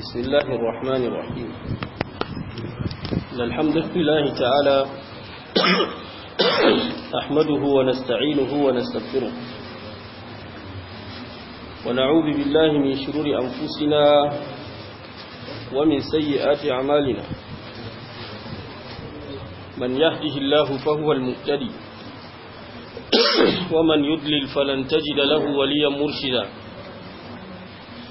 بسم الله الرحمن الرحيم الحمد لله تعالى أحمده ونستعينه ونستغفره ونعوذ بالله من شرور أنفسنا ومن سيئات أعمالنا من يهده الله فهو المهتدي ومن يضلل فلن تجد له وليا مرشدا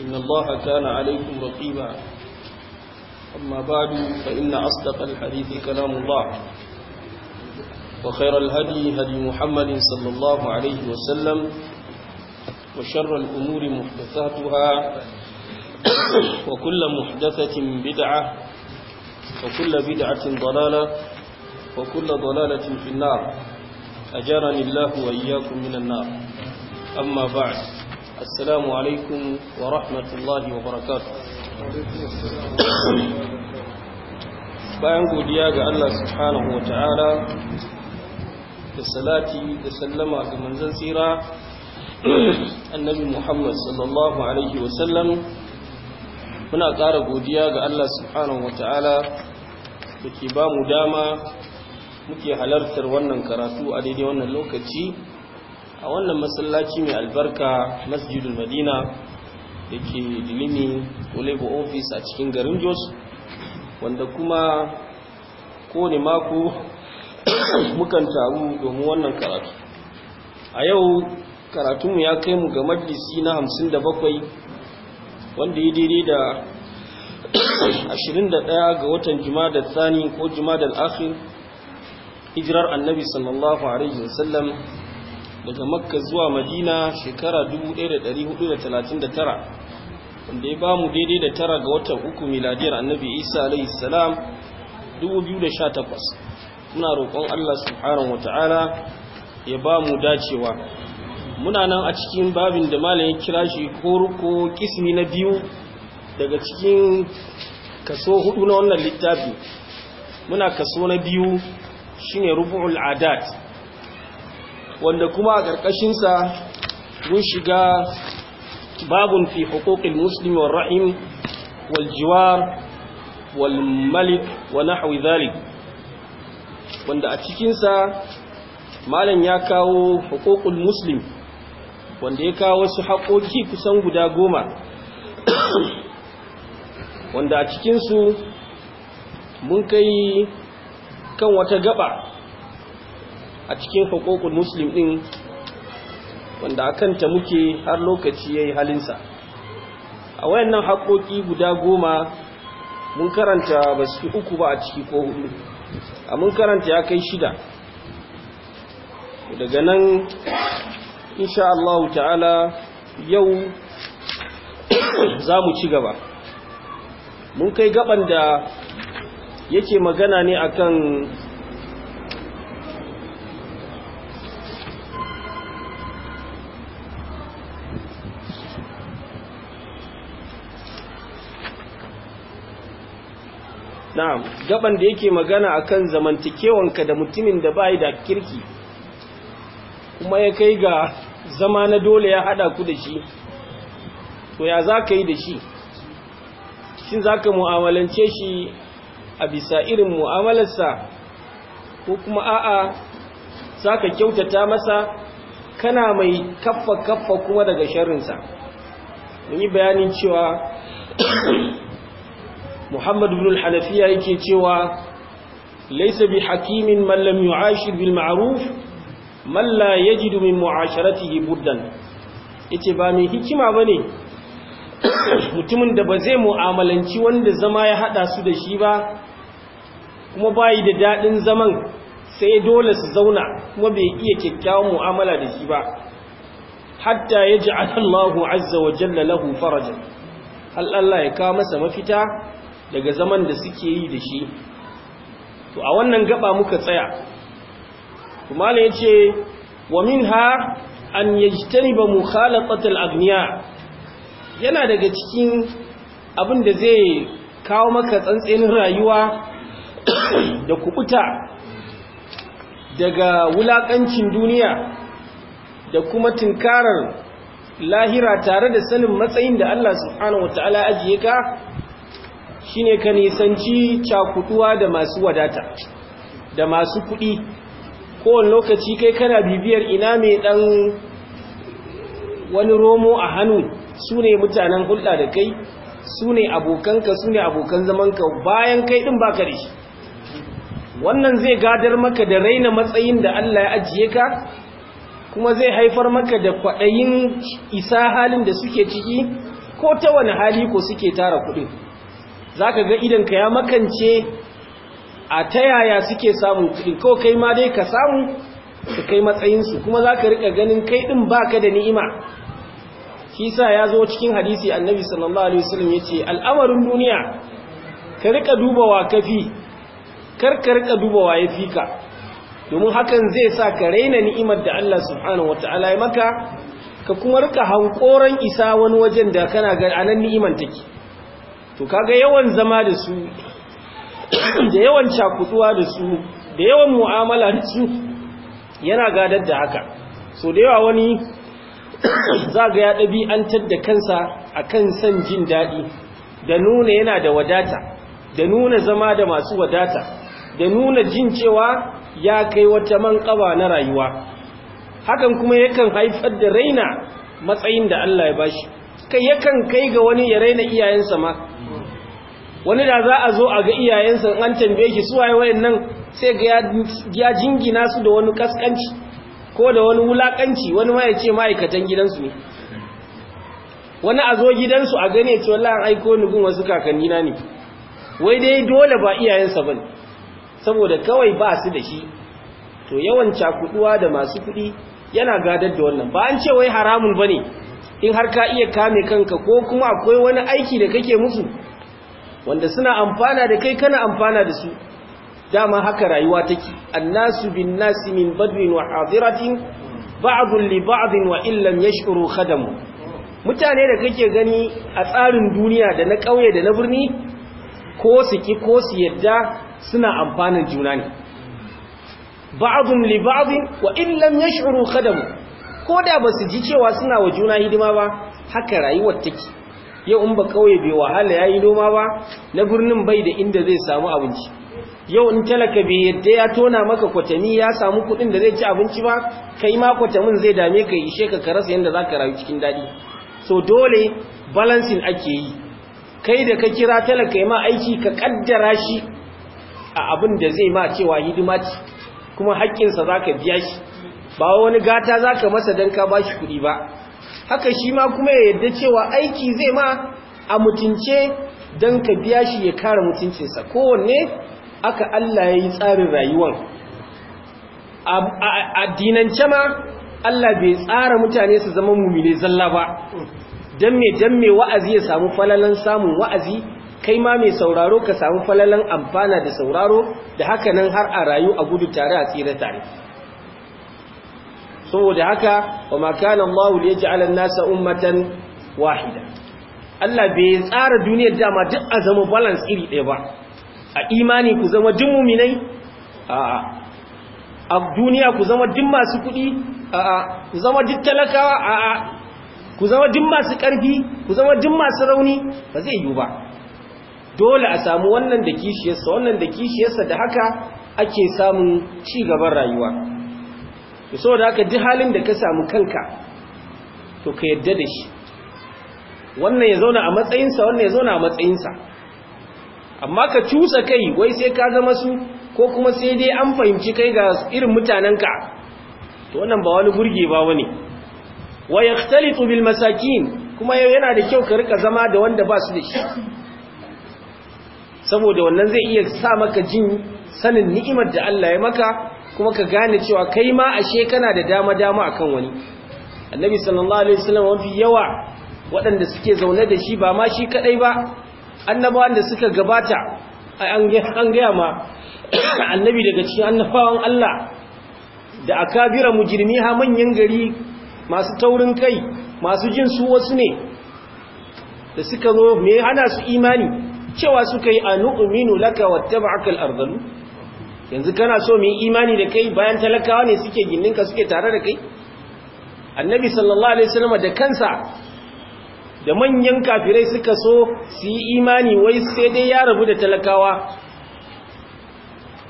إن الله كان عليكم رقيبا أما بعد فإن أصدق الحديث كلام الله وخير الهدي هدي محمد صلى الله عليه وسلم وشر الأمور محدثاتها وكل محدثة بدعة وكل بدعة ضلالة وكل ضلالة في النار أجرني الله وإياكم من النار أما بعد السلام عليكم ورحمة الله وبركاته bayan godiya ga Allah subhanahu wa ta'ala da salati da sallama ga manzan tsira annabi Muhammad sallallahu alaihi wasallam muna ƙara godiya ga Allah subhanahu wa ta'ala dama muke halartar wannan karatu a daidai wannan lokaci a wannan masallaci mai albarka masjidul madina da ke dilimi olego office a cikin garin jos wanda kuma kowane mako mukan taru domin wannan karatu a yau karatunmu ya kai mu ga majalisi na 57 wanda ya daidai da 21 ga watan jumada tsani ko jumada akhir hijirar annabi sallallahu alaihi wasallam daga makka zuwa madina shekara 1439 wanda ya ba mu daidai da tara ga watan uku miladiyar annabi isa alaihi salam 2018 muna roƙon allah subhanahu wata'ala ya ba mu dacewa muna nan a cikin babin da malam ya kira shi koruko kismi na biyu daga cikin kaso hudu na wannan littafi muna kaso na biyu shine rubu'ul adat wanda kuma a ƙarƙashinsa mun shiga babun fi hukukin musulmi wa ra'im wal jiwar wal malik wa nahawi zalik wanda a cikinsa malam ya kawo hukukul muslim wanda ya kawo wasu haƙoƙi kusan guda goma wanda a cikinsu mun kai kan wata gaba a cikin hukukun muslim din wanda akan ta muke har lokaci yayi halinsa a wayannan haƙoƙi guda goma mun karanta ba su uku ba a ciki ko hudu a mun karanta ya kai shida daga nan insha Allah ta'ala yau za mu ci gaba mun kai gaban da yake magana ne akan na'am gaban da yake magana a akan zamantakewanka da mutumin da bai da kirki kuma ya kai ga zama na dole ya hada ku da shi to ya za ka yi da shi shin za ka mu'amalance shi a bisa irin mu'amalarsa ko kuma a'a za ka kyautata masa kana mai kaffa-kaffa kuma daga sharinsa? mun yi bayanin cewa muhammad ibn hanafiya yake cewa laysa hakimin man lam yu'ashir bil ma'ruf man la yajidu min yace ba mai hikima ne. mutumin da ba zai mu'amalanci wanda zama ya hada su da shi ba kuma bayi da daɗin zaman sai dole su zauna kuma bai iya kyakkyawan mu'amala da shi ba hatta yaji Allahu azza wa jalla lahu farajan Allah ya kawo masa mafita daga zaman da suke yi da shi to a wannan gaba muka tsaya kuma ne yace wa minha an yajtaniba mukhalaqat al yana daga cikin abin da zai kawo maka tsantsenin rayuwa da kubuta daga wulakancin duniya da kuma tinkarar lahira tare da sanin matsayin da Allah subhanahu wataala ajiye ka shine ka nisanci cakuɗuwa da masu wadata da masu kuɗi kowane lokaci kai kana bibiyar ina mai ɗan wani romo a hannu su ne mutanen hulɗa da kai su ne abokanka su ne abokan zamanka bayan kai ɗin baka da shi wannan zai gadar maka da raina matsayin da Allah ya ajiye ka kuma zai haifar maka da kwaɗayin isa halin da suke ciki ko ta wani hali ko suke tara kuɗin za ka ga idanka ya makance a ta yaya suke samun kuɗi ko kai ma dai ka samu su kai matsayinsu kuma za ka riƙa ganin kai ɗin ba ka da ni'ima shi ya zo cikin hadisi annabi sallallahu alaihi wasallam ya ce al'amarin duniya ka riƙa dubawa kafi kar ka riƙa dubawa ya fi ka domin hakan zai sa ka raina ni'imar da Allah subhanahu Ta'ala ya maka ka kuma rika hankoran isa wani wajen da kana ga anan ni'imar take to kaga yawan zama da su da yawan cakutuwa da su da yawan mu'amala da su yana gadar da haka so da yawa wani za ga ya ɗabi'antar da kansa a kan son jin daɗi da nuna yana da wadata da nuna zama da masu wadata da nuna jin cewa ya kai wata manƙaba na rayuwa hakan kuma yakan haifar da raina matsayin da Allah ya bashi yakan kai ga wani ya raina iyayensa ma wani da za a zo a ga iyayensa an tambaye shi su waye wayannan sai ga ya jingina su da wani kaskanci ko da wani wulakanci wani ma ya ce ma'aikatan gidansu ne wani a zo gidansu a gane ce wallahi aiko ni gun wasu kakanni na ne wai dai dole ba iyayensa bane saboda kawai ba su da shi to yawan cakuduwa da masu kuɗi yana gadar da wannan ba an ce wai haramun bane in har ka iya kame kanka ko kuma akwai wani aiki da kake musu wanda suna amfana da kai kana amfana da su dama haka rayuwa take annasu bin nasi min badrin wa hadiratin li ba'din wa illa yashkuru khadam mutane da kake gani a tsarin duniya da na kauye da na birni ko su ki ko su yadda suna amfana juna ne ba'dun li ba'din wa illa yashkuru khadam ko da ba su ji cewa suna wa juna hidima ba haka rayuwar take yau in ba kawai bai wahala ya yi noma ba na birnin bai da inda zai samu abinci yau in talaka bai yadda ya tona maka kwatami ya samu kuɗin da zai ci abinci ba kai ma kwatamin zai dame ka ishe ka karasa yadda za ka rayu cikin daɗi so dole balancing ake yi kai da ka kira talaka ma aiki ka kaddara shi a abin da zai ma cewa hidima ce kuma haƙƙinsa za ka biya shi ba wani gata za ka masa don ka ba shi kuɗi ba haka shi ma kuma ya yadda cewa aiki zai ma a mutunce don ka biya shi ya kare mutuncinsa kowanne aka Allah ya yi tsarin rayuwan a dinance ma Allah bai tsara mutane su zama mummune zalla ba don mai don me wa'azi ya samu falalan samun wa'azi kai ma mai sauraro ka samu falalan amfana da sauraro da haka nan har a rayu a gudu tare a tsira tare saboda haka wa ma kana Allah li nasa ummatan wahida Allah bai tsara duniyar dama duk a balance iri ɗaya ba a imani ku zama duk mu'minai a'a a duniya ku zama duk masu kuɗi a'a ku zama duk talakawa a'a ku zama duk masu ƙarfi ku zama duk masu rauni ba zai yiwu ba dole a samu wannan da kishiyarsa wannan da kishiyarsa da haka ake samun ci gaban rayuwa to saboda haka ji halin da ka samu kanka to ka yadda da shi wannan ya zauna a matsayinsa wannan ya zauna a matsayinsa amma ka cusa kai wai sai ka zama su ko kuma sai dai an fahimci kai ga irin mutanenka to wannan ba wani burge ba wani wa ya yakhtalitu bil masakin kuma yana da kyau ka rika zama da wanda ba su da shi saboda wannan zai iya sa maka jin sanin ni'imar da Allah ya maka kuma ka gane cewa kai ma ashe kana da dama dama akan wani annabi sallallahu alaihi wasallam mafi yawa waɗanda suke zaune da shi ba ma shi kadai ba annabawan da suka gabata an gaya ma annabi daga cikin annabawan Allah da akabira mujirmi ha manyan gari masu taurin kai masu jin su wasu ne da suka zo me hana su imani cewa suka yi anu'minu laka wattaba'aka al-ardhalu yanzu kana so mu yi imani da kai bayan talakawa ne suke gindinka suke tare da kai annabi sallallahu alaihi wasallam da kansa da manyan kafirai suka so su yi imani wai sai dai ya rabu da talakawa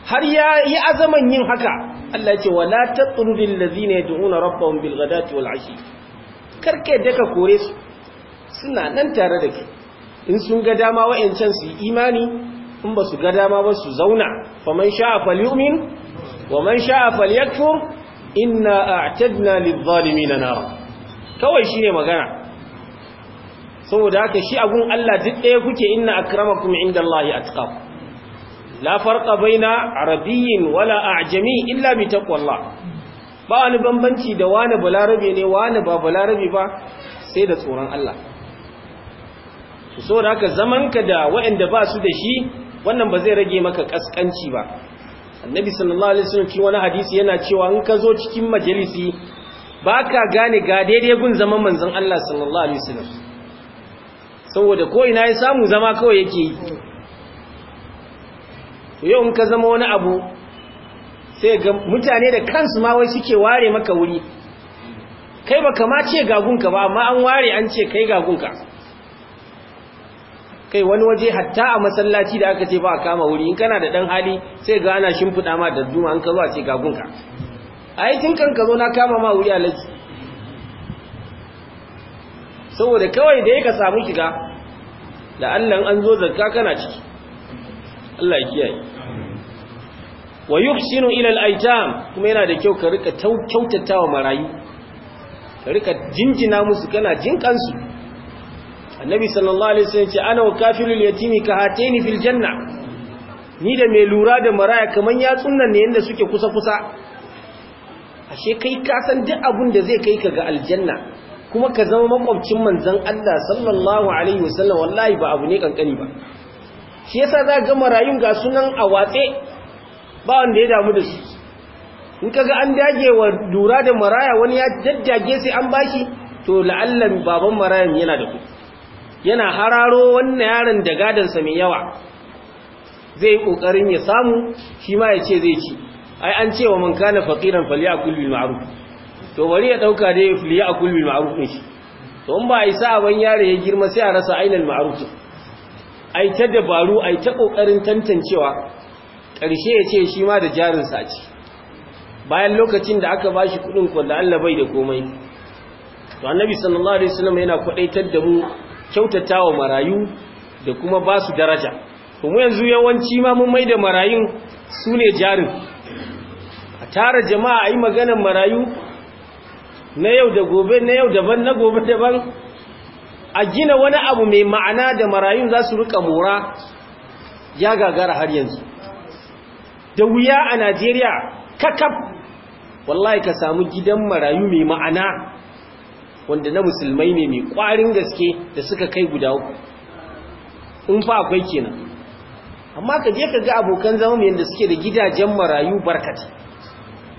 har ya yi azaman yin haka Allah ce wala tatrudil ladina yad'una rabbahum bil ghadati wal ashi da daka kore su suna nan tare da kai in sun ga dama wa'ancan su yi imani in ba su ga dama ba su zauna faman sha'a falyumin wa man sha'a falyakfur inna a'tadna lidh-dhalimin nar kawai shine magana saboda haka shi agun Allah duk ɗaya kuke inna akramakum indallahi atqakum la farqa baina arabiyyin wala a'jami illa bi taqwallah ba wani bambanci da wani balarabe ne wani ba balarabe ba sai da tsoron Allah so da haka zamanka da waɗanda ba su da shi wannan ba zai rage maka kaskanci ba annabi sallallahu alaihi wasallam wani hadisi yana cewa in ka zo cikin majalisi baka gane ga daidai gun zaman manzon Allah sallallahu alaihi wasallam saboda ko ina ya samu zama kawai yake yi to yau in ka zama wani abu sai ga mutane da kansu ma wai suke ware maka wuri kai baka ma ce gagunka ba amma an ware an ce kai gagunka kai wani waje hatta a masallaci da aka ce ba a kama wuri in kana da dan hali sai ga ana shimfiɗa ma da duma an ka a ce ga gunka ai tun kan ka zo na kama ma wuri alaji saboda kawai da yake samu shiga da Allah an zo zakka kana ciki Allah ya kiyaye wa yuhsinu ila al-aitam kuma yana da kyau ka rika kyautatawa marayu ka rika jinjina musu kana jinkansu annabi sallallahu alaihi wasallam ce ana wa kafirul yatimi ka hataini fil janna ni da mai lura da maraya kaman yatsunnan ne yanda suke kusa kusa ashe kai ka san duk abun da zai kai ka ga aljanna kuma ka zama makwabcin manzon Allah sallallahu alaihi wasallam wallahi ba abu ne kankani ba shi yasa za ga marayun ga sunan a watse ba wanda ya damu da su in ga an dage wa lura da maraya wani ya daddage sai an bashi to la'allan baban marayan yana da kuɗi yana hararo wannan yaron da gadansa mai yawa zai kokarin ya samu shi ma ya ce zai ci ai an cewa man kana faqiran falyakul bil ma'ruf to bari ya dauka dai falyakul bil ma'ruf din shi to in ba a isa ban yare ya girma sai a rasa ainal ma'ruf ai ta dabaru ai ta kokarin tantancewa karshe ya ce shi ma da jarin sa ci bayan lokacin da aka bashi kudin kuɗin Allah bai da komai to annabi sallallahu alaihi wasallam yana kwadaitar da mu Kyautata wa marayu da kuma ba su daraja kuma yanzu yawanci ma mun mai da marayun su ne jarin a tara jama'a a yi maganar marayu na yau da gobe na yau daban na gobe daban a gina wani abu mai ma'ana da marayun za su rika mora ya gagara har yanzu da wuya a najeriya kakaf wallahi ka samu gidan marayu mai ma'ana wanda na musulmai ne mai kwarin gaske da suka kai guda uku in fa akwai kenan amma ka je ka ga abokan zama mai yadda suke da gidajen marayu barkata,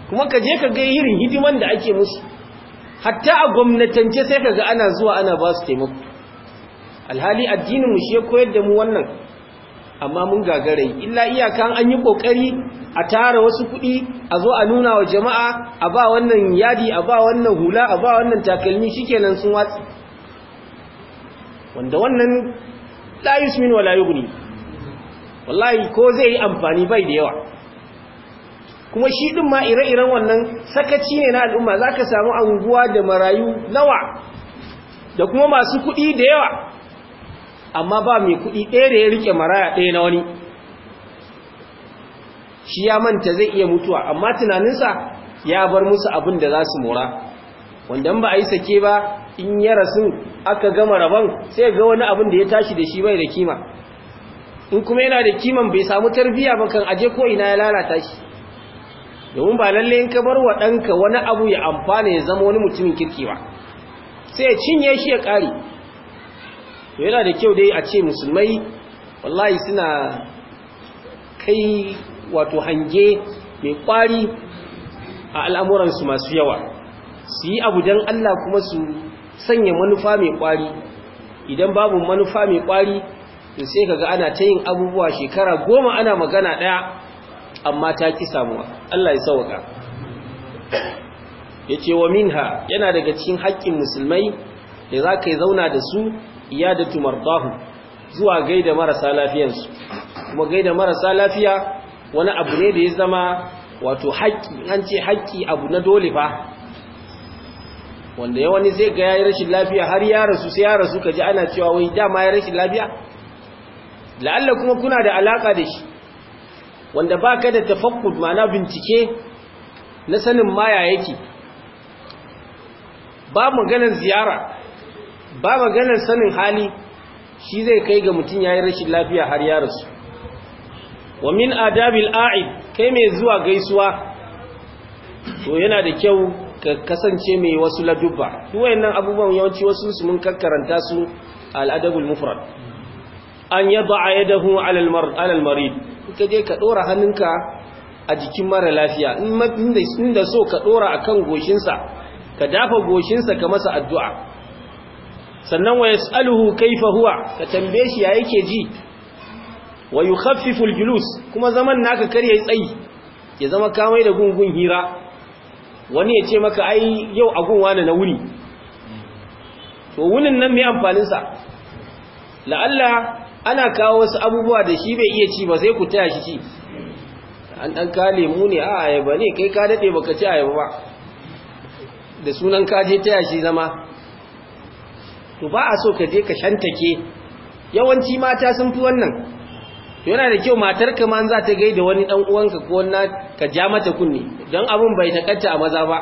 kuma ka je ka ga irin hidiman da ake musu hatta a gwamnatance sai ka ga ana zuwa ana ba su taimako alhali addinin mu shi ya koyar da mu wannan amma mun gagarai illa iyakan an yi kokari a tara wasu kuɗi a zo a nuna wa jama'a a ba wannan yadi a ba wannan hula a ba wannan takalmi shikenan sun watsi wanda wannan la yusmin wa la yughni wallahi ko zai yi amfani bai da yawa kuma shi din ma ire-iren wannan sakaci ne na al'umma zaka samu anguwa da marayu nawa da kuma masu kuɗi da yawa amma ba mai kuɗi ɗaya da ya rike maraya ɗaya na wani shi ya manta zai iya mutuwa amma tunaninsa ya bar musu abin da za su mora wanda ba a yi sake ba in ya rasu aka gama rabon sai ga wani abin da ya tashi da shi bai da kima in kuma yana da kiman bai samu tarbiya ba kan aje ko ina ya lalata shi domin ba lalle in ka bar wa ɗanka wani abu ya amfana ya zama wani mutumin kirki ba sai ya cinye shi ya ƙare to yana da kyau dai a ce musulmai wallahi suna kai wato hange mai kwari a al'amuransu masu yawa su yi abu don Allah kuma su sanya manufa mai kwari idan babu manufa mai kwari sai sai ga ana ta yin abubuwa shekara goma ana magana ɗaya amma ta ki samuwa Allah ya sauka ya ce wa minha yana daga cikin haƙƙin musulmai da za ka yi zauna da su iya da tumar zuwa gaida marasa lafiyansu kuma gaida marasa lafiya wani abu ne da ya zama wato haƙƙi an ce haƙƙi abu na dole fa wanda yawani zai ga yayi rashin lafiya har ya rasu sai ya rasu kaji ana cewa wai dama ya rashin lafiya la'alla kuma kuna da alaka da shi wanda baka da tafakkur ma'ana bincike na sanin maya yake ba maganar ziyara ba maganar sanin hali shi zai kai ga mutum yayi rashin lafiya har ya rasu wa min adabil a'id kai mai zuwa gaisuwa to yana da kyau ka kasance mai wasu ladubba duk wayannan abubuwan yawanci wasu su mun karkaranta su al'adabul mufrad an yad'a yadahu 'ala al-mar 'ala al-marid ka dora hannunka a jikin mara lafiya inda so ka dora akan goshinsa ka dafa goshinsa ka masa addu'a sannan wa yas'aluhu kaifa huwa ka tambaye shi ya yake ji wa yukhaffifu julus kuma zaman naka kar yayi tsayi ya zama kamai da gungun hira wani ya ce maka ai yau a wani na wuni to wunin nan mai amfanin sa la'alla ana kawo wasu abubuwa da shi bai iya ci ba sai ku taya shi ci an dan ka lemu ne a ayaba ne kai ka dade baka ci ayaba ba da sunan ka je taya shi zama to ba a so ka je ka shantake yawanci mata sun fi wannan yana da kyau matar ka ma za ta gaida wani dan uwanka ko na ka ja mata kunni don abin bai takatta a maza ba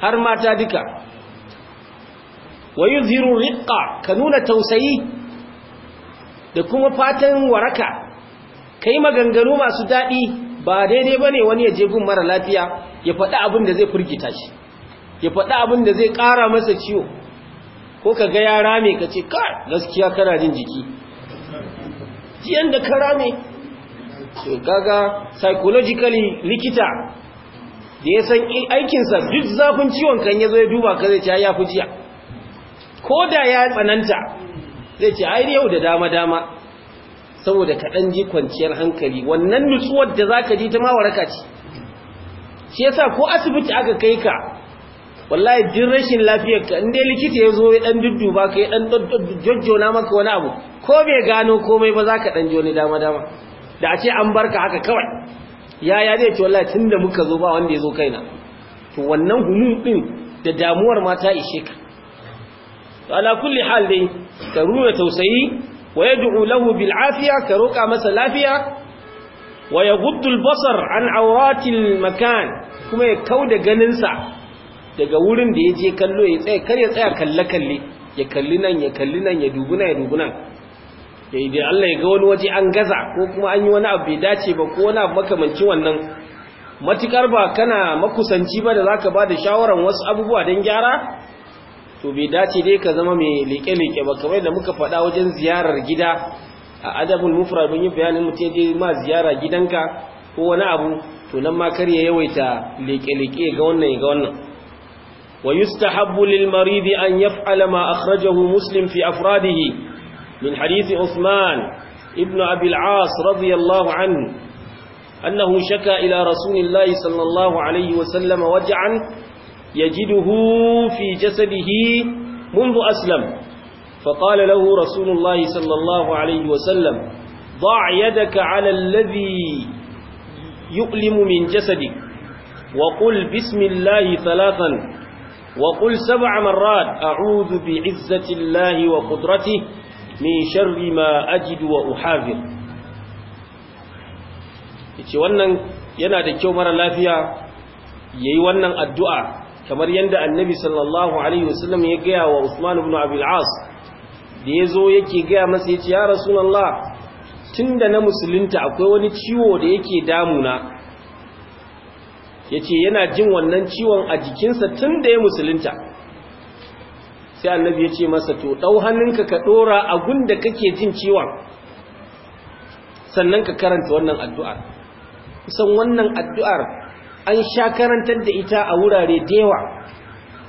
har mata duka wayu ziru riqqa ka nuna tausayi da kuma fatan waraka kai maganganu masu dadi ba daidai ba ne wani ya je gun mara lafiya ya faɗi abin da zai furgita shi ya faɗi abin da zai ƙara masa ciwo ko ka ga yara mai ka ce ka gaskiya kana jin jiki jiyan da ka rame kaga psychologically likita da ya san aikinsa duk zafin ciwon kan ya zo ya duba ka zai ce ya fi jiya ko da ya tsananta zai ce ai yau da dama-dama saboda kaɗan ji kwanciyar hankali wannan nutsuwar da za ka ji ta mawaraka ce shi yasa ko asibiti aka kai ka wallahi jin rashin lafiyar ka inda likita ya zo ya dan dudduba ka ya dan na maka wani abu ko bai gano komai ba za ka dan joni dama dama da a ce an barka haka kawai ya zai ce wallahi tun da muka zo ba wanda ya zo kaina to wannan hunun din da damuwar ma ta ishe ka ala kulli hal dai ka rura tausayi wa yad'u lahu bil afiya ka roka masa lafiya wa yaghuddu al basar an awratil makan kuma ya kauda ganinsa daga wurin da ya je kallo ya tsaya kar ya tsaya kalle kalle ya kalli nan ya kalli nan ya dubuna ya dubuna. ya yi da Allah ya ga wani waje an gaza ko kuma an yi wani abu bai dace ba ko wani abu makamancin wannan matukar ba kana makusanci ba da za ka ba da shawaran wasu abubuwa don gyara to bai dace dai ka zama mai leke-leke ba kamar da muka faɗa wajen ziyarar gida a adabul mufra don yi bayanin mutum ya ma ziyara gidanka ko wani abu to nan ma kar ya yawaita leke-leke ga wannan ya ga wannan ويستحب للمريض أن يفعل ما أخرجه مسلم في أفراده من حديث عثمان ابن أبي العاص رضي الله عنه أنه شكى إلى رسول الله صلى الله عليه وسلم وجعا يجده في جسده منذ أسلم فقال له رسول الله صلى الله عليه وسلم ضع يدك على الذي يؤلم من جسدك وقل بسم الله ثلاثا وقل سبع مرات أعوذ بعزة الله وقدرته من شر ما أجد وأحاذر yace wannan yana da kyau mara lafiya yayi wannan addu'a kamar yanda annabi sallallahu alaihi wasallam ya gaya wa Usman ibn Abi al-As da yazo yake gaya masa yace ya rasulullah tunda na musulunta akwai wani ciwo da yake damuna ya ce yana jin wannan ciwon a jikinsa tun da ya musulunta sai annabi ya ce masa to ɗau hannunka ka ɗora a gunda kake jin ciwon sannan ka karanta wannan addu'ar kusan wannan addu'ar an sha karantar da ita a wurare da yawa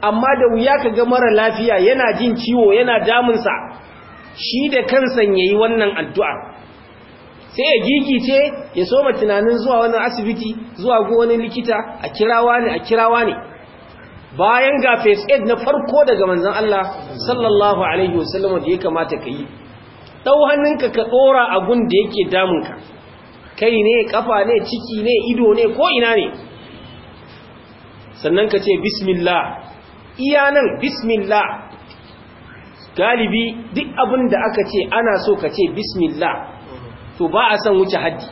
amma da wuya ka ga mara lafiya yana jin ciwo yana damunsa shi da kansan ya yi wannan addu'ar sai ya ce ya soma tunanin zuwa wani asibiti zuwa go wani likita a kirawa ne a kirawa ne bayan ga face aid na farko daga manzon Allah sallallahu alaihi wasallam da ya kamata ka yi dau hannunka ka dora agun da yake damunka kai ne kafa ne ciki ne ido ne ko ina ne sannan ka ce bismillah iya nan bismillah galibi duk abin da aka ce ana so ka ce bismillah to ba a san wuce haddi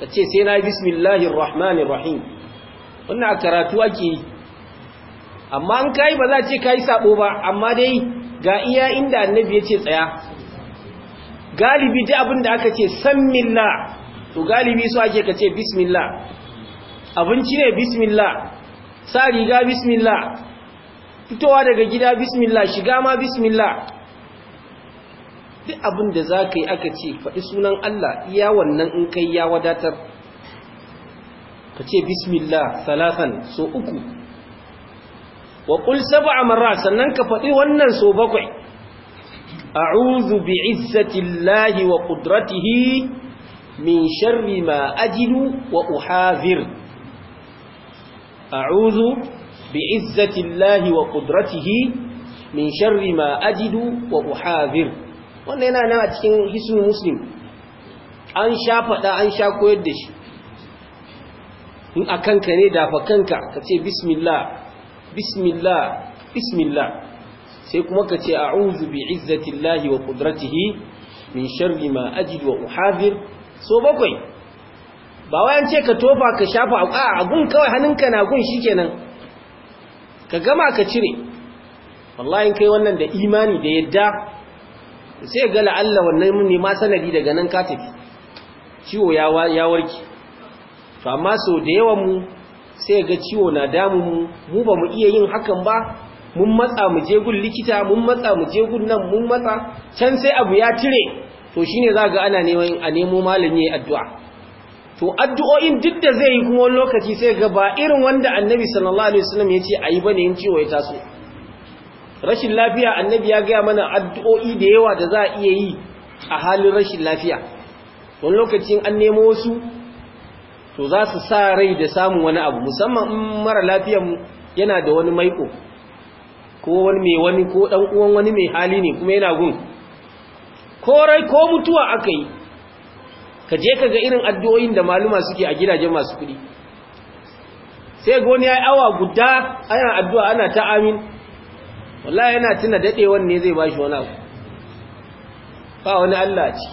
ka ce sai na bismillahir rahmanir rahim wannan a karatu ake yi amma an kai ba za ce yi sabo ba amma dai ga iya inda annabi ya ce tsaya galibi ji abin da aka ce sammillah to galibi su ake ka ce bismilla abinci ne "Bismilla!" sa riga "Bismilla!" fitowa daga gida "Bismilla!" shiga ma "Bismilla!" duk abin da za ka yi aka ce faɗi sunan Allah ya wannan in kai ya wadatar ka ce bismillah salatan so uku wa ƙul saba marra sannan ka faɗi wannan so bakwai a'udhu bi izzatillahi wa qudratihi min sharri ma ajidu wa uhazir a'udhu bi izzatillahi wa ƙudratihi min sharri ma ajidu wa uhazir wannan yana nan a cikin hisu muslim an sha faɗa an sha koyar da shi in a kanka ne dafa kanka ka ce bismillah bismillah bismillah sai kuma ka ce a'udhu bi izzatillahi wa qudratihi min sharri ma ajid wa uhadir so bakwai ba wayan ce ka tofa ka shafa a gun kawai hannunka na gun shikenan ka gama ka cire wallahi kai wannan da imani da yadda sai ga la'alla wannan ne ma sanadi daga nan ka tafi ciwo ya warke to amma so da yawan mu sai ga ciwo na damu mu mu ba mu iya yin hakan ba mun matsa mu je gun likita mun matsa mu je gun nan mun matsa can sai abu ya tire to shine za ga ana neman a nemo malami ya addu'a to addu'o'in duk da zai yi kuma wani lokaci sai ga ba irin wanda annabi sallallahu alaihi wasallam yace ce ayi bane yin ciwo ya taso rashin lafiya annabi ya gaya mana addu'o'i da yawa da za a iya yi a halin rashin lafiya wani lokacin an nemo wasu to za su sa rai da samun wani abu musamman in mara lafiyan yana da wani maiko ko wani mai wani ko dan uwan wani mai hali ne kuma yana gun ko rai ko mutuwa aka yi ka je ka ga irin addu'o'in da maluma suke a gidajen masu kuɗi sai goni ya yi awa guda ana addu'a ana ta amin wallahi yana tuna dadewan ne zai bashi wani abu ba wani Allah ci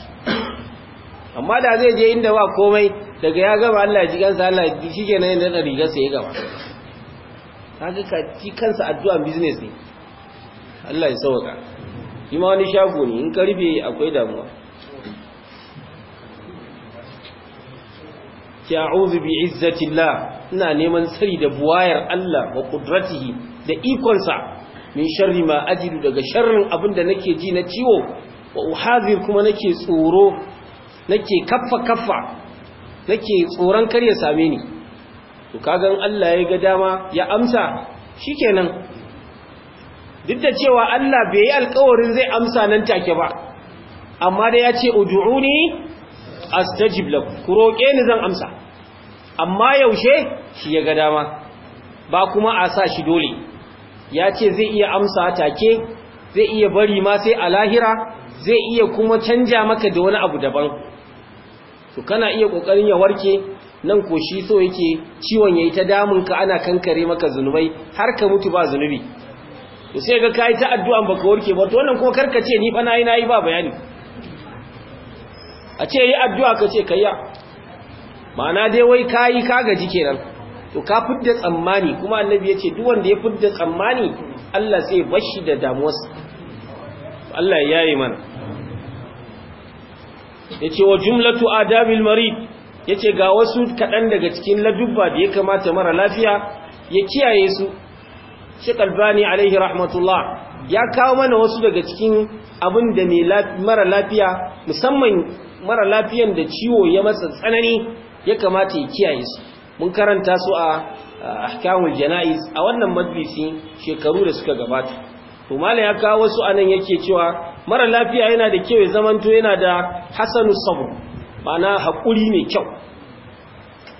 amma da zai je inda ba komai daga ya gaba Allah ji kansa Allah shi ke nan da riga sai ya gaba kaga ka ci kansa addu'a business ne Allah ya sauka shi ma wani shago ne in karfe akwai damuwa ki a'udhu bi izzatillah ina neman sari da buwayar Allah wa qudratihi da ikonsa min sharri ma ajidu daga sharrin abin da nake ji na ciwo wa uhazir kuma nake tsoro nake kaffa kaffa nake tsoron kar ya same ni to kagan Allah ya ga dama ya amsa shikenan duk da cewa Allah bai yi alƙawarin zai amsa nan take ba amma da ya ce ud'uni astajib lakum ku roƙe ni zan amsa amma yaushe shi ya ga dama ba kuma a sa shi dole ya ce zai iya amsa take zai iya bari ma sai a lahira zai iya kuma canja maka da wani abu daban to kana iya kokarin ya warke nan ko shi so yake ciwon yayi ta damun ka ana kankare maka zunubai har ka mutu ba zunubi to sai ga kai ta addu'a baka warke ba to wannan kuma ce ni fa nayi nayi ba bayani a ce yi addu'a ka ce kayya ma'ana dai wai kayi ka gaji kenan to ka fidda tsammani kuma annabi ya ce duk wanda ya fidda tsammani Allah zai bashi da damuwarsa Allah ya yi mana ya ce wa jumlatu adabil marid ya ce ga wasu kaɗan daga cikin ladubba da ya kamata mara lafiya ya kiyaye su shi kalbani alaihi rahmatullah ya kawo mana wasu daga cikin abin da mara lafiya musamman mara lafiyan da ciwo ya masa tsanani ya kamata ya kiyaye su mun karanta su a ahkamul jana'iz a wannan madrisi shekaru da suka gabata to malam ya kawo su anan yake cewa mara lafiya yana da kyau ya zamanto yana da hasanu sabr mana hakuri mai kyau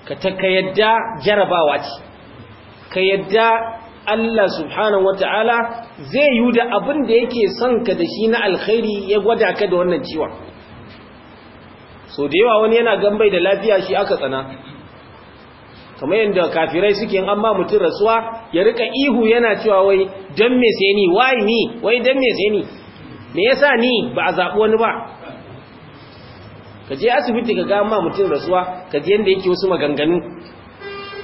ka ta ka yadda jarabawa ce ka yadda Allah subhanahu wata'ala zai yi da abin da yake son ka da shi na alkhairi ya gwada ka da wannan ciwon so da yawa wani yana gambai da lafiya shi aka tsana kamar yadda kafirai suke an ba mutum rasuwa ya rika ihu yana cewa wai dan me sai ni wai ni wai dan me sai ni me yasa ni ba a zaɓi wani ba ka je asibiti ka ga ba mutum rasuwa ka ji yanda yake wasu maganganu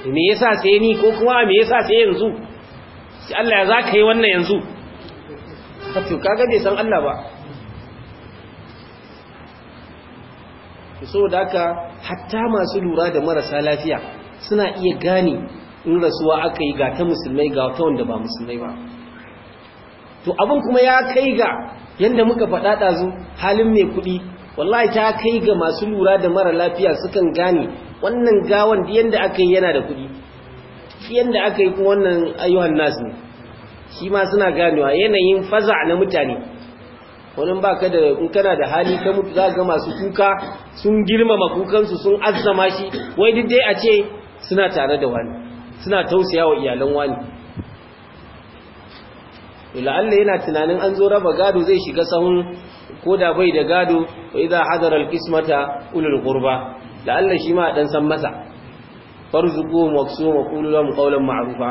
me yasa sai ni ko kuma me yasa sai yanzu sai Allah ya zaka yi wannan yanzu ka to kaga bai san Allah ba so da haka hatta masu lura da marasa lafiya suna iya gane in rasuwa aka yi ga ta musulmai ga ta wanda ba musulmai ba to abin kuma ya kai ga yadda muka faɗa ɗazu halin mai kuɗi wallahi ta kai ga masu lura da mara lafiya sukan gane wannan gawan yadda aka yi yana da kuɗi yadda aka yi kuma wannan ayyuhan nasu ne shi ma suna ganewa yanayin faza na mutane wani ba ka da in kana da hali ta mutu za ga masu kuka sun girmama kukansu sun azzama shi wai duk dai a ce suna tare da wani suna tausaya wa iyalan wani la'alla yana tunanin an zo raba gado zai shiga sahun ko da bai da gado wa idza hadara alqismata ulul qurba la'alla shi ma dan san masa farzuquhum wa qulu lahum qawlan ma'rufa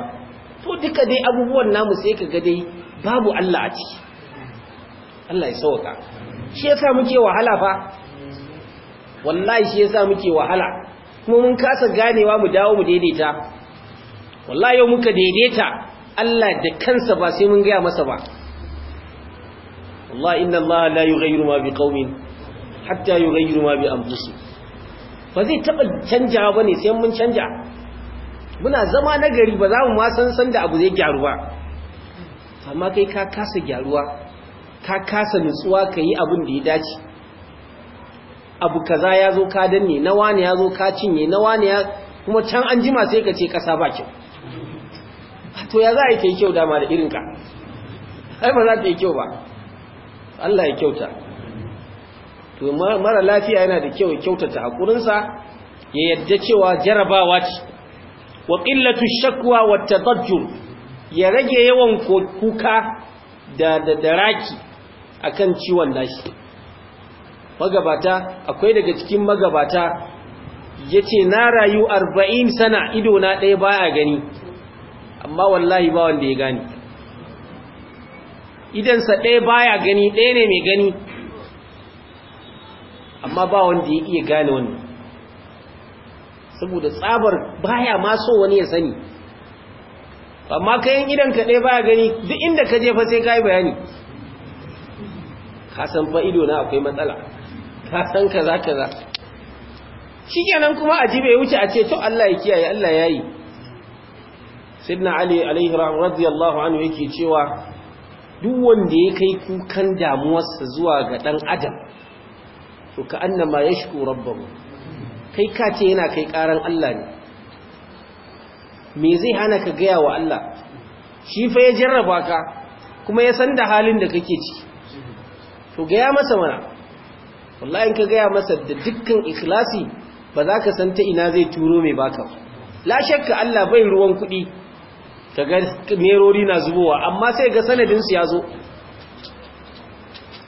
to duka dai abubuwan namu sai kaga dai babu Allah a ciki Allah ya sauka shi yasa muke wahala fa wallahi shi yasa muke wahala kuma mun kasa ganewa mu dawo mu daidaita wallahi yau muka daidaita Allah da kansa ba sai mun gaya masa ba wallahi inna Allah la yughayyiru ma biqaumin hatta yughayyiru ma bi anfusih ba zai taba canjawa bane sai mun canja muna zama nagari ba za mu ma san san da abu zai gyaru ba amma kai ka kasa gyaruwa ka kasa nutsuwa ka yi abin da ya dace abu kaza ya zo ka danne na wani ya zo ka cinye na wani ya kuma can an jima sai ka ce ƙasa ba kyau to ya za a yi ta yi kyau dama da irinka ai ba za ta yi kyau ba Allah ya kyauta to mara lafiya yana da kyau ya kyautata haƙurinsa ya yadda cewa jarabawa ce wa qillatu shakwa wa tadajjur ya rage yawan kuka da da raki akan ciwon nashi magabata akwai daga cikin magabata ya ce na rayu arba'in sana ido na ɗaya baya gani amma wallahi ba wanda ya gani idansa ɗaya baya gani ɗaya ne mai gani amma ba wanda ya iya gane wani. saboda tsabar baya maso wani ya sani amma kayan idan ka ɗaya baya gani duk inda ka jefa sai ka yi bayani ka san fa ido na akwai matsala ka san kaza kaza shikenan kuma a ji bai wuce a ce to Allah ya kiyaye Allah yayi sayyidina ali alaihi radiyallahu anhu yake cewa duk wanda ya kai kukan damuwarsa zuwa ga dan adam to ka annama yashku rabbahu kai ka ce yana kai karan Allah ne me zai hana ka gaya wa Allah shi fa ya jarraba ka kuma ya san da halin da kake ciki. to gaya masa mana wallahi in ka gaya masa da dukkan ikhlasi ba za ka san ta ina zai turo mai baka ba la shakka Allah bai ruwan kuɗi ka ga nerori na zubowa amma sai ga sanadin su ya zo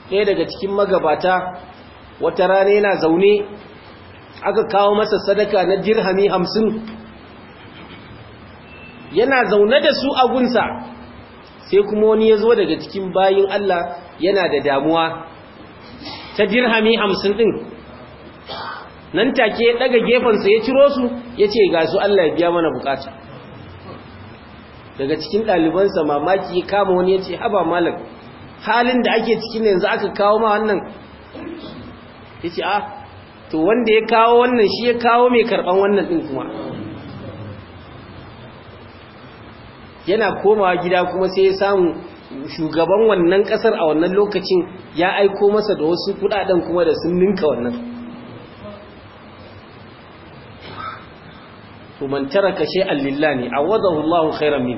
ɗaya daga cikin magabata wata rana yana zaune aka kawo masa sadaka na dirhami hamsin yana zaune da su a gunsa sai kuma wani ya zo daga cikin bayin Allah yana da damuwa ta dirhami hamsin ɗin nan take ya ɗaga gefensa ya ciro su ya ce ga su Allah ya biya mana bukata daga cikin ɗalibansa mamaki ya kama wani ya ce haba malam halin da ake cikin yanzu aka kawo ma wannan ya ce a ah, to wanda ya kawo wannan shi ya kawo mai karɓan wannan ɗin kuma yana komawa gida kuma sai ya samu shugaban wannan kasar a wannan lokacin ya aiko masa da wasu kudaden kuma da sun ninka wannan to man taraka allillah lillahi awadahu Allahu khairan min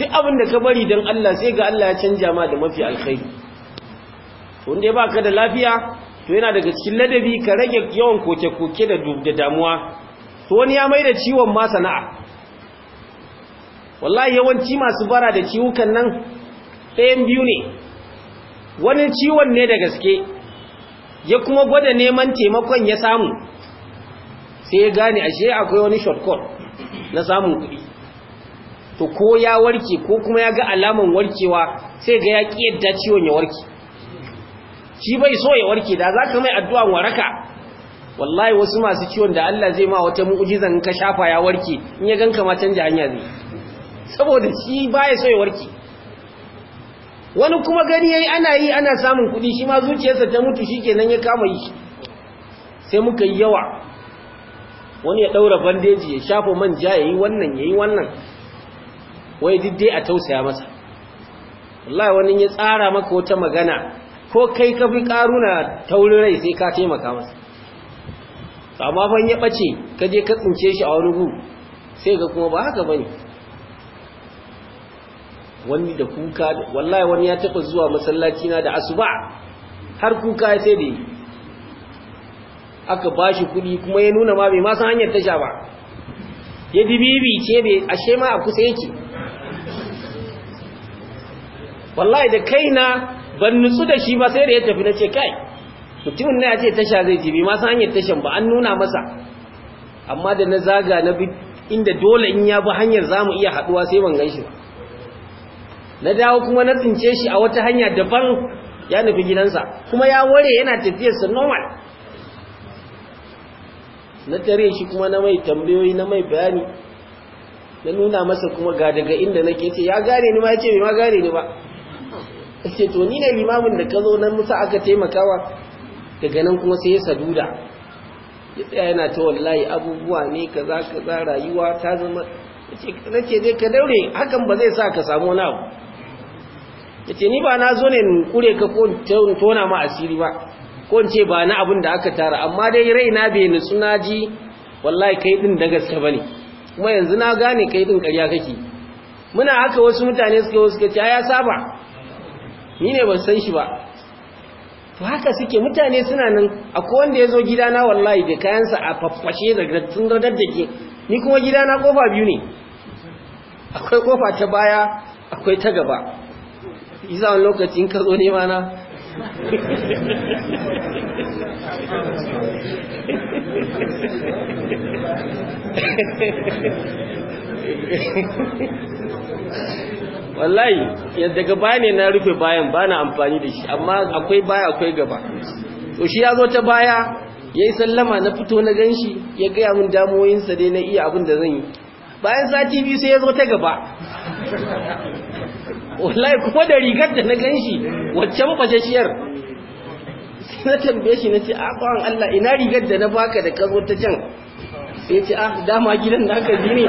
duk abin da ka bari dan Allah sai ga Allah ya canja ma da mafi alkhairi to inda baka da lafiya to yana daga cikin ladabi ka rage yawan koke-koke da da damuwa to wani ya mai da ciwon ma sana'a wallahi yawanci masu bara da ciwukan nan ɗayan biyu ne wani ciwon ne da gaske ya kuma gwada neman taimakon ya samu sai ya gane ashe akwai wani shortcut na samun kuɗi to ko ya warke ko kuma ya ga alaman warkewa sai ga ya yadda ciwon ya warke shi bai so ya warke da za ka mai addu'an waraka wallahi wasu masu ciwon da Allah zai ma wata mu'ujizan ka shafa ya warke in ya gan ma canja hanya zai saboda shi baya so ya warke wani kuma gani yayi ana yi ana samun kuɗi shi ma zuciyarsa ta mutu shi shikenan ya kama yi sai muka yi yawa wani ya ɗaura bandeji ya shafa manja ya yi wannan ya yi wannan wai diddai a tausaya masa wallahi wani ya tsara maka wata magana ko kai ka fi na taurin rai sai ka taimaka masa amma ya ɓace ka je ka tsince shi a wani gu sai ga kuma ba haka bane wani da kuka wallahi wani ya taba zuwa masallaci na da asuba har kuka sai da aka ba shi kuɗi kuma ya nuna ma bai ma san hanyar tasha ba ya bibibi ce bai ashe ma a kusa yake wallahi da kai na ban nutsu da shi ba sai da ya tafi na ce kai mutumin na ya ce tasha zai ce bai ma san hanyar tashan ba an nuna masa amma da na zaga na bi inda dole in ya bi hanyar za mu iya haɗuwa sai ban shi ba na dawo kuma na tsince shi a wata hanya daban ya nufi gidansa kuma ya ware yana tafiyarsa normal na tare shi kuma na mai tambayoyi na mai bayani na nuna masa kuma ga daga inda nake ce ya gane ni ma ya ce bai ma gane ni ba ce to ni ne limamin da ka zo nan musa aka taimakawa daga nan kuma sai ya saduda ya tsaya yana ta wallahi abubuwa ne kaza kaza rayuwa ta zama ce zai ka daure hakan ba zai sa ka samu wani abu ya ce ni ba na zo ne in kure ka ko tona ma asiri ba ko in ce ba na abin da aka tara amma dai rai na bai nutsu na ji wallahi kai din da gaske bane kuma yanzu na gane kai din ƙarya kake muna haka wasu mutane suke wasu suka ya saba ni ne ban san shi ba to haka suke mutane suna nan akwai wanda ya zo gidana wallahi da kayansa a faffashe da sun radar da ke ni kuma gidana kofa biyu ne akwai kofa ta baya akwai ta gaba isa wani lokaci in ka zo nema na wallahi yadda gaba ne na rufe bayan ba na amfani da shi amma akwai baya akwai gaba to shi ya zo ta baya ya yi sallama na fito na gan shi ya gaya min damuwoyinsa dai na iya abin da zan yi bayan sati biyu sai ya zo ta gaba wallahi kuma da rigar da na ganshi wacce mafashashiyar sai na tambaye shi na ce a ah, kwan Allah ina rigar da na baka da kazo ta can sai ce a ah, dama gidan na bi ne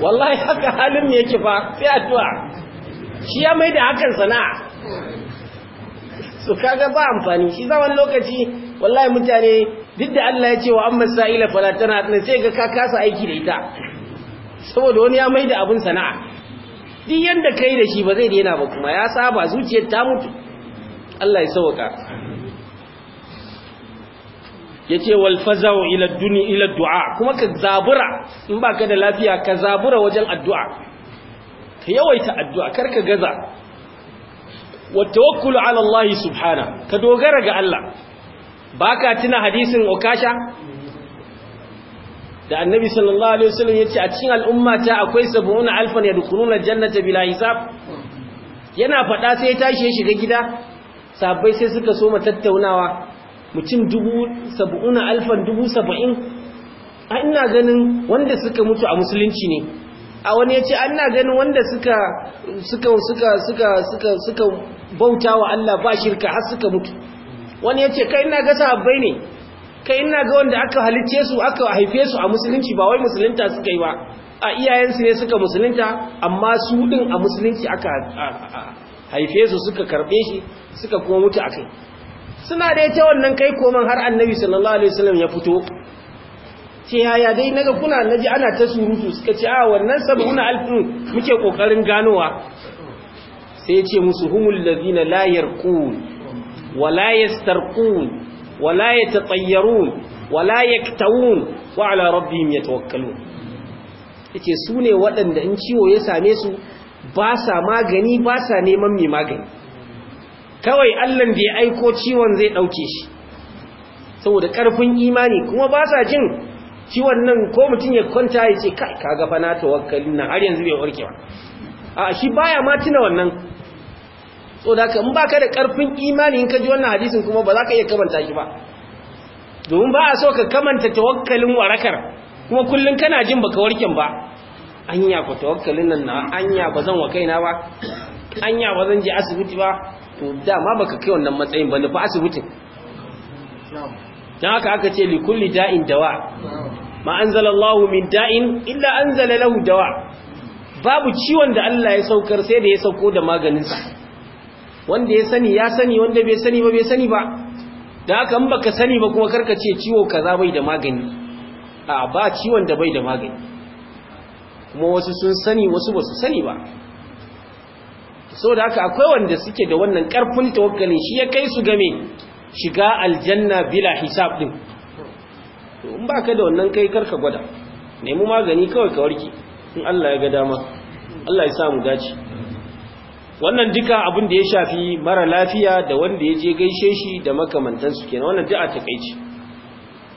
wallahi haka halin ne yake fa sai addu'a shi ya mai da hakan sana'a su kaga ba amfani shi zaman lokaci wallahi mutane duk da Allah ya ce wa amma sa'ila fala tana tana sai ga ka kasa aiki da ita saboda wani ya mai da abun sana'a duk yanda kai da shi ba zai daina ba kuma ya saba zuciyar ta mutu Allah ya sauka yace wal fazau ila duni ila du'a kuma ka zabura in baka da lafiya ka zabura wajen addu'a ka yawaita addu'a kar ka gaza wa tawakkulu ala Allah subhana ka dogara ga Allah ba ka tuna hadisin okasha da annabi sallallahu alaihi wasallam yace a cikin al'umma ta akwai 70 alfan yadkhuluna jannata bila hisab yana fada sai tashi ya shiga gida sabbai sai suka soma tattaunawa mutum 70000 alfan 70 a ina ganin wanda suka mutu a musulunci ne a wani yace na ganin wanda suka suka suka suka suka bauta wa Allah ba shirka har suka mutu wani ya ce kai ina ga sahabbai ne kai ina ga wanda aka halicce su aka haife su a musulunci ba wai musulunta suka yi ba a iyayensu ne suka musulunta amma su din a musulunci aka haife su suka karbe shi suka kuma mutu a kai suna da ta wannan kai koman har annabi sallallahu alaihi wasallam ya fito ce yaya dai naga kuna naji ana ta surutu suka ce a ah, wannan sabuna alfin muke kokarin ganowa sai ya ce musu humul ladina la yarqun wala يسترقون wala يتطيرون wala يكتوون وعلى ربهم يتوكلون yace su ne waɗanda in ciwo ya same su ba sa magani ba sa neman mai magani kawai Allah da ya aiko ciwon zai ɗauke shi saboda ƙarfin imani kuma ba sa jin ciwon nan ko mutum ya kwanta yace ce kai kaga fa na tawakkali na har yanzu bai warke ba a shi baya ma tuna wannan so da ka in baka da karfin imani in ka ji wannan hadisin kuma ba za ka iya kamanta shi ba domin ba a so ka kamanta tawakkalin warakar kuma kullun kana jin baka warken ba anya ku tawakkalin nan na anya ba zan wa kaina ba anya ba zan je asibiti ba to dama baka kai wannan matsayin ba nufi asibitin dan haka aka ce li kulli da'in dawa ma anzalallahu min da'in illa anzala lahu dawa babu ciwon da Allah ya saukar sai da ya sauko da maganinsa wanda ya sani ya sani wanda bai sani ba bai sani ba da haka in baka sani ba kuma karka ce ciwo kaza bai da magani a ba ciwon da bai da magani kuma wasu sun sani wasu ba su sani ba da haka akwai wanda suke da wannan karfin tawakkalin shi ya kai su game shiga aljanna bila hisab din to in baka da wannan kai karka gwada nemi magani kawai ka warke in Allah ya ga dama Allah ya samu mu dace wannan duka abin da ya shafi mara lafiya da wanda ya je gaishe shi da makamantansu kenan wannan ta kai ce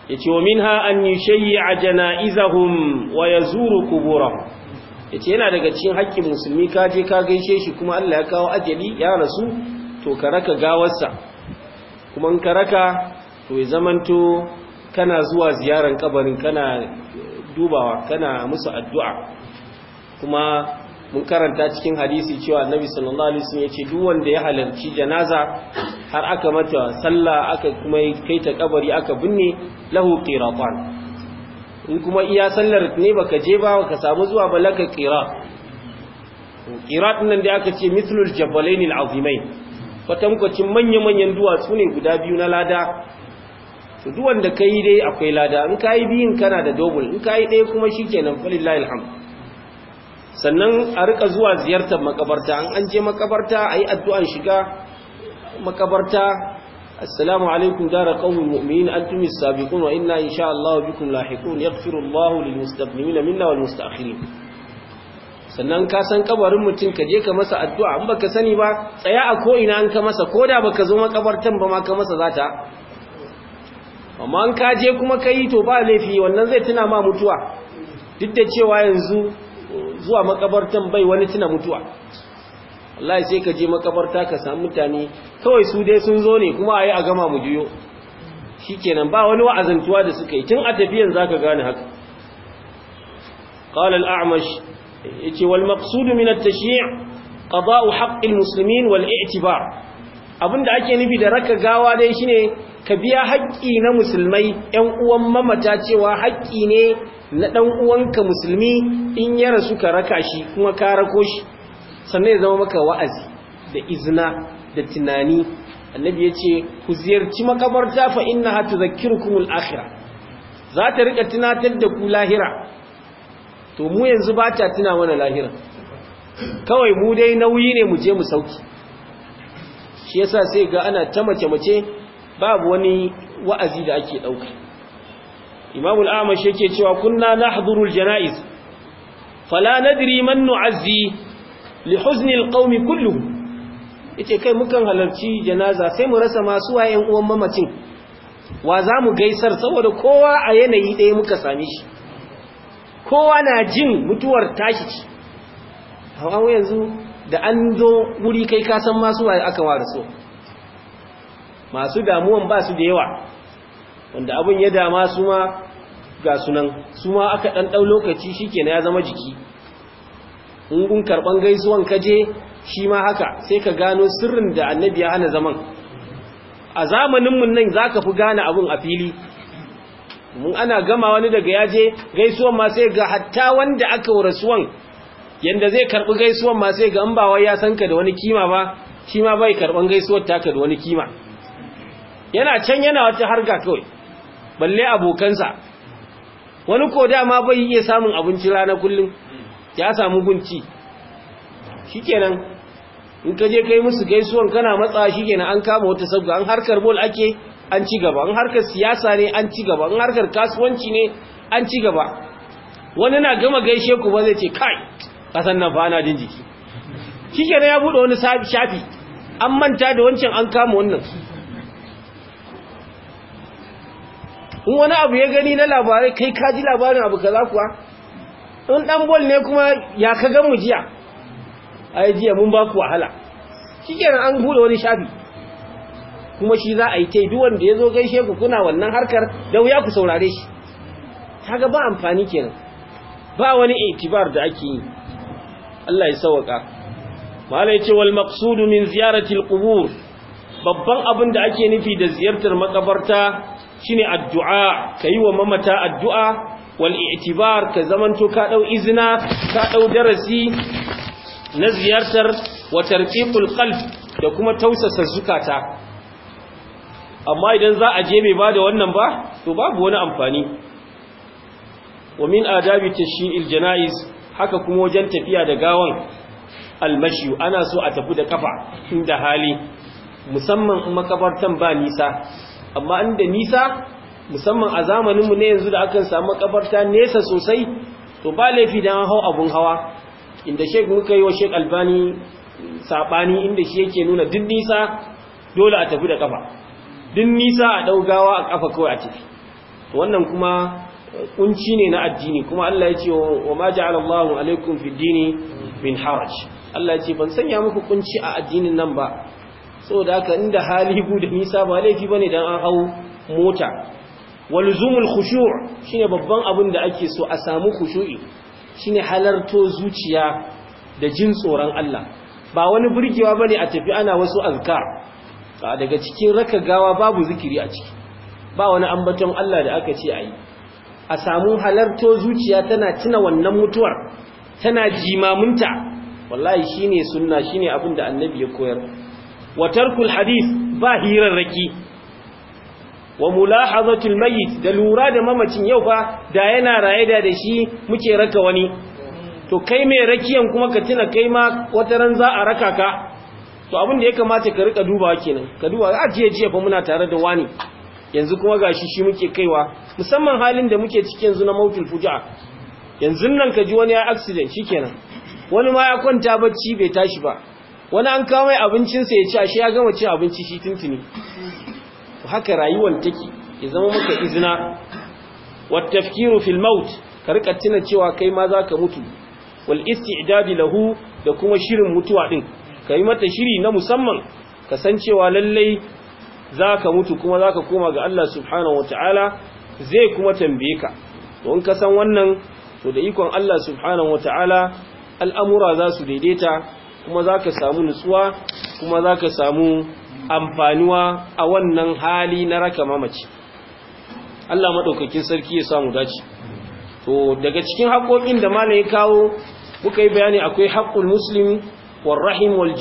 yace wa minha an yushayya janaizahum wa yazuru quburahum yace yana daga cikin haƙƙin musulmi ka je ka gaishe shi kuma Allah ya kawo ajali ya rasu to ka raka gawarsa kuma in ka raka to ya zamanto kana zuwa ziyaran kabarin kana dubawa kana musu addu'a kuma mun karanta cikin hadisi cewa annabi sallallahu alaihi wasallam yace duk wanda ya halarci janaza har aka mata sallah aka kuma kai ta kabari aka binne lahu qiratan in kuma iya sallar ne baka je ba ka samu zuwa ba laka qira qirat nan da aka ce mithlul jabalaini al'azimain kwatankwacin manya-manyan duwatsu ne guda biyu na lada to duk wanda kai dai akwai lada in kai biyin kana da dogon, in kai dai kuma shikenan falillahi alhamd sannan a rika zuwa ziyartar makabarta an an je makabarta a yi addu'an shiga makabarta assalamu alaikum dara qawmin mu'minin antum as-sabiqun wa inna insha Allah bikum lahiqun yaghfiru Allah lil mustaqdimin minna wal mustaakhirin sannan ka san kabarin mutum ka je ka masa addu'a an baka sani ba tsaya a ko ina an ka masa ko da baka zo makabartan ba ma ka masa zata amma an ka je kuma kai to ba laifi wannan zai tuna ma mutuwa duk da cewa yanzu zuwa makabartan bai wani tuna mutuwa Allah sai ka je makabarta ka samu mutane kawai su dai sun zo ne kuma ayi a gama mu juyo shikenan ba wani wa'azantuwa da suka yi tun a tafiyan zaka gane haka qala al-a'mash yace wal maqsud min at-tashyi' qada'u haqq al-muslimin wal i'tibar abinda ake nufi da raka gawa dai shine ka biya haƙƙi na musulmai ƴan uwan mamata cewa haƙƙi ne na ɗan uwanka musulmi in ya rasu ka raka shi kuma ka rako shi sannan ya zama maka wa'azi da izina da tunani annabi ya ce ku ziyarci makabarta fa inna hatu Zakiru al-akhirah za ta rika tunatar da ku lahira to mu yanzu ba ta tuna mana lahira kawai mu dai nauyi ne mu je mu sauki shi yasa sai ga ana ta mace mace babu wani wa'azi da ake ɗauka. imamul amash yake cewa kunna na nahdhuru jana'iz. fala nadri man nu'azzi li huzni kullum. Ya ce kai mukan halarci janaza sai mu rasa masu wayan uwan mamacin wa za mu gaisar saboda kowa a yanayi ɗaya muka same shi kowa na jin mutuwar tashi ci hawa yanzu da an zo wuri kai kasan masu waye aka wa rasu masu damuwan ba su da yawa wanda abin ya dama su ma ga sunan su ma aka ɗan ɗau lokaci shi na ya zama jiki in gun karɓar gaisuwan kaje shi ma haka sai ka gano sirrin da annabi ya hana zaman a zamaninmu nan za ka fi gane abin a fili mun ana gama wani daga yaje gaisuwan ma sai ga hatta wanda aka rasuwan yadda zai karɓi gaisuwan ma sai ga in ba wai ya san ka da wani kima ba shi ma bai karɓan gaisuwar taka da wani kima yana can yana wata harga kawai balle abokansa wani ko dama bai iya samun abinci rana kullum ya samu gunci shikenan in ka je kai musu gaisuwan kana matsa kenan an kama wata sabga an harkar bol ake an ci gaba an harkar siyasa ne an ci gaba an harkar kasuwanci ne an ci gaba wani na gama gaishe ku ba zai ce kai kasan nan ba na jin jiki shikenan ya bude wani shafi an manta da wancan an kama wannan in wani abu ya gani na labarai kai kaji labarin abu kaza kuwa in dan bol ne kuma ya ka gan mu jiya yi jiya mun ba ku wahala shikenan an bude wani shafi kuma shi za a yi yi duwan wanda ya zo gaishe ku kuna wannan harkar da wuya ku saurare shi ga ba amfani kenan ba wani itibar da ake yi Allah ya sauka mala yace wal maqsudu min ziyaratil qubur babban abin da ake nufi da ziyartar makabarta shine addu'a kai wa mamata addu'a wal i'tibar ka zamanto ka dau izina ka dau darasi na ziyartar wa tarqiqul qalb da kuma tausasa zukata amma idan za a je bai bada wannan ba to babu wani amfani wa min adabi tashi'il janaiz haka kuma wajen tafiya da gawan almashi ana so a tafi da kafa inda hali musamman in makabartan ba nisa amma inda nisa musamman a zamaninmu ne yanzu da akan samu kafarta nesa sosai to ba laifi don hau abun hawa inda shek muka yi wa shek albani saɓani inda shi yake nuna duk nisa dole a tafi da kafa duk nisa a ɗaugawa a kafa kawai a tafi to wannan kuma kunci ne na addini kuma Allah ya ce wa ma ja'alallahu alaikum fid dini min haraj Allah ya ce ban sanya muku kunci a addinin nan ba So da aka inda hali da nisa ba laifi bane dan an hau mota walzumul khushu' shine babban abin da ake so a samu khushu'i shine halarto zuciya da jin tsoron Allah ba wani burgewa bane a tafi ana wasu azkar daga cikin raka gawa babu zikiri a ciki ba wani ambaton Allah da aka ce ayi a samu halarto zuciya tana tuna wannan mutuwar tana jimamunta wallahi shine sunna shine abin da annabi ya koyar wa tarkul hadis ba hirarraki wa mulahazatul mayit da lura da mamacin yau fa da yana raye da da shi muke raka wani to kai mai rakiyan kuma ka tuna kai ma wata ran za a raka ka to abin da ya kamata ka rika dubawa kenan ka duba a jiya jiya fa muna tare da wani yanzu kuma gashi shi muke kaiwa musamman halin da muke cikin yanzu na mautul Fuja'a, yanzu nan ka ji wani ya accident shikenan wani ma ya kwanta bacci bai tashi ba wani an kawai mai abincinsa ya ci a shi ya gama cin abinci shi tuntuni haka rayuwar take ya zama maka izina wattafkiru fil maut ka rika tuna cewa kai ma za ka mutu wal idadi lahu da kuma shirin mutuwa din ka yi mata shiri na musamman ka san cewa lallai za ka mutu kuma za ka koma ga Allah subhanahu wa ta'ala zai kuma tambaye ka don ka san wannan to da ikon Allah subhanahu wa ta'ala al'amura za su daidaita kuma za ka samu nutsuwa kuma za ka samu amfaniwa a wannan hali na raka mamaci Allah maɗaukakin sarki ya samu dace to daga cikin haƙoƙin da malam ya kawo muka yi bayani akwai haƙƙul muslim warrahim rahim wal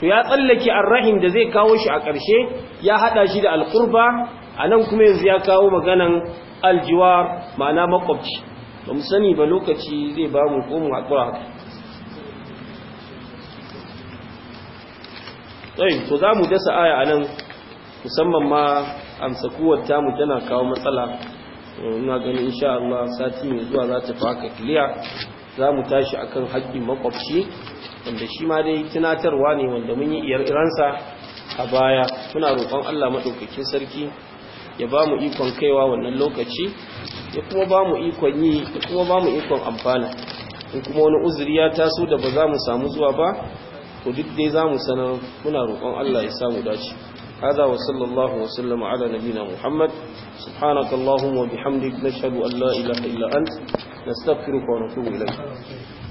to ya tsallake Al-Rahim da zai kawo shi a ƙarshe ya haɗa shi da alƙurba a nan kuma yanzu ya kawo maganan aljiwar ma'ana makwabci ba mu sani ba lokaci zai ba mu ko mu haƙura haka to za mu dasa aya a nan musamman ma amsakuwar mu tana kawo matsala ina ganin insha Allah sati mai zuwa za ta faka kiliya za mu tashi a kan haƙƙin makwabci wanda shi ma dai tunatarwa ne wanda mun yi iyar iransa a baya muna roƙon Allah maɗaukakin sarki ya ba mu ikon kaiwa wannan lokaci ya kuma ba mu ikon yi ya kuma ba mu ikon amfana in kuma wani uzuri ya taso da ba za mu samu zuwa ba to duk dai za mu sanar muna roƙon Allah ya samu dace هذا وصلى الله وسلم على نبينا محمد سبحانك اللهم وبحمدك نشهد أن لا إله إلا أنت نستغفرك ونتوب إليك